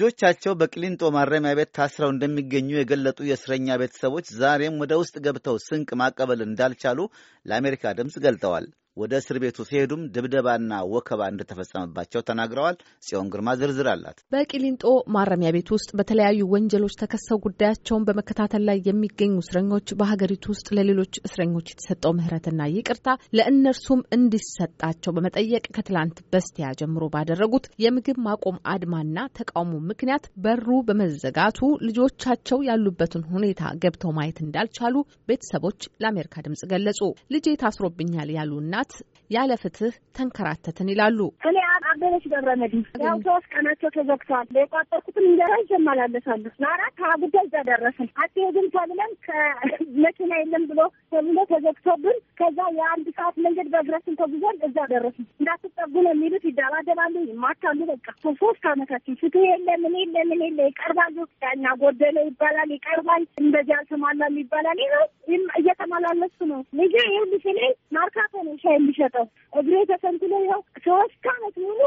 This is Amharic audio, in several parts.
ልጆቻቸው በቅሊንጦ ማረሚያ ቤት ታስረው እንደሚገኙ የገለጡ የእስረኛ ቤተሰቦች ዛሬም ወደ ውስጥ ገብተው ስንቅ ማቀበል እንዳልቻሉ ለአሜሪካ ድምፅ ገልጠዋል። ወደ እስር ቤቱ ሲሄዱም ድብደባና ወከባ እንደተፈጸመባቸው ተናግረዋል። ጽዮን ግርማ ዝርዝር አላት። በቂሊንጦ ማረሚያ ቤት ውስጥ በተለያዩ ወንጀሎች ተከሰው ጉዳያቸውን በመከታተል ላይ የሚገኙ እስረኞች በሀገሪቱ ውስጥ ለሌሎች እስረኞች የተሰጠው ምህረትና ይቅርታ ለእነርሱም እንዲሰጣቸው በመጠየቅ ከትላንት በስቲያ ጀምሮ ባደረጉት የምግብ ማቆም አድማና ተቃውሞ ምክንያት በሩ በመዘጋቱ ልጆቻቸው ያሉበትን ሁኔታ ገብተው ማየት እንዳልቻሉ ቤተሰቦች ለአሜሪካ ድምጽ ገለጹ። ልጄ ታስሮብኛል ያሉ እናት ያለ ፍትህ ተንከራተትን ይላሉ። እኔ አበበች ገብረ መድን ያው ሶስት ቀናቸው ተዘግተዋል። የቋጠርኩትን እንጀራ ይጀማላለሳሉ ለአራት ጉዳይ እዛ ደረስን። አትሄድም ተብለን ከመኪና የለም ብሎ ተብሎ ተዘግቶብን ከዛ የአንድ ሰዓት መንገድ በእግራችን ተጉዘን እዛ ደረስን። እንዳትጠጉ ነው የሚሉት፣ ይደባደባሉ፣ ይማታሉ። በቃ ሶስት አመታችን ፍትህ የለ ምን የለ ምን የለ ይቀርባሉ። ያኛ ጎደለ ይባላል ይቀርባል፣ እንደዚህ አልተሟላም ይባላል። ይኸው እየተመላለሱ ነው ልጅ ይህ ብስሌ ማርካቶ ነው ሻይ የሚሸጠው እግሬ ተሰንትሎ ይኸው ሶስት አመት ሙሉ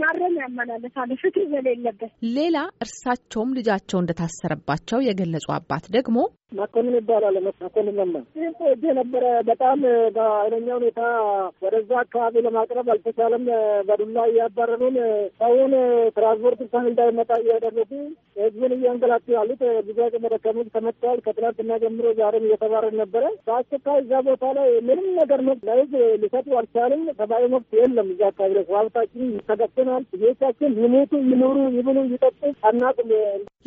ማረም ያመላለሳሉ ፍትህ የሌለበት። ሌላ እርሳቸውም ልጃቸው እንደታሰረባቸው የገለጹ አባት ደግሞ መኮንን ይባላል። መኮንን ይህ ነበረ። በጣም በአይነኛ ሁኔታ ወደዛ አካባቢ ለማቅረብ አልተቻለም። በዱላ እያባረሩን ሰውን ትራንስፖርት እንኳን እንዳይመጣ እያደረጉ ህዝብን እያንገላቱ ያሉት ብዙ አቅመ ደካሞች ተመትተዋል። ከትናንትና ጀምሮ ዛሬም እየተባረር ነበረ። በአስቸኳይ እዛ ቦታ ላይ ምንም ነገር ነው ለህዝብ ሊሰጡ አልቻልም። ሰብአዊ መብት የለም። እዛ አካባቢ ላይ ሰው ሀብታችን ተገቶ ተሰጥተናል። ቤታችን ይሞቱ ይኖሩ ይብሉ ይጠጡ አናውቅም።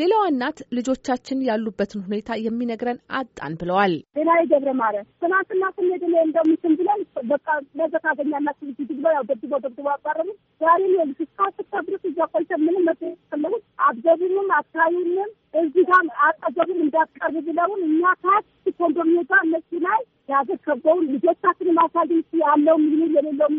ሌላዋ እናት ልጆቻችን ያሉበትን ሁኔታ የሚነግረን አጣን ብለዋል። ሌላ ገብረ ማርያም ትናንትና ስንሄድ ላይ እንደምስም ብለን በቃ ለዘካተኛ ና ስልጅ ብለ ያው ደብድቦ ደብድቦ አባረሩ። ዛሬ ልክ እስከ አስርታ ድረስ እዛ ቆይተ ምንም መስ ተመሩት አትገቡንም፣ አታዩንም፣ እዚህ ጋር አጠገቡም እንዳትቀርብ ብለውን እኛ ታች ኮንዶሚኒየም ጋር እነሱ ላይ ያዘከበውን ልጆቻችን ማሳጅ ያለውም ይሁን የሌለውም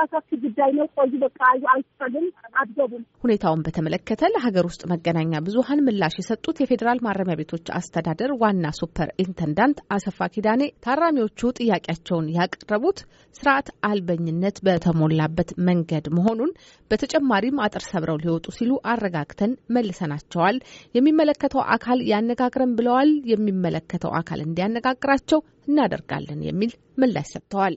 የራሳችሁ ጉዳይ ነው፣ ቆዩ፣ በቃ አይቻልም፣ አትገቡም። ሁኔታውን በተመለከተ ለሀገር ውስጥ መገናኛ ብዙኃን ምላሽ የሰጡት የፌዴራል ማረሚያ ቤቶች አስተዳደር ዋና ሱፐር ኢንተንዳንት አሰፋ ኪዳኔ ታራሚዎቹ ጥያቄያቸውን ያቀረቡት ስርዓት አልበኝነት በተሞላበት መንገድ መሆኑን በተጨማሪም አጥር ሰብረው ሊወጡ ሲሉ አረጋግተን መልሰናቸዋል። የሚመለከተው አካል ያነጋግረን ብለዋል። የሚመለከተው አካል እንዲያነጋግራቸው እናደርጋለን የሚል ምላሽ ሰጥተዋል።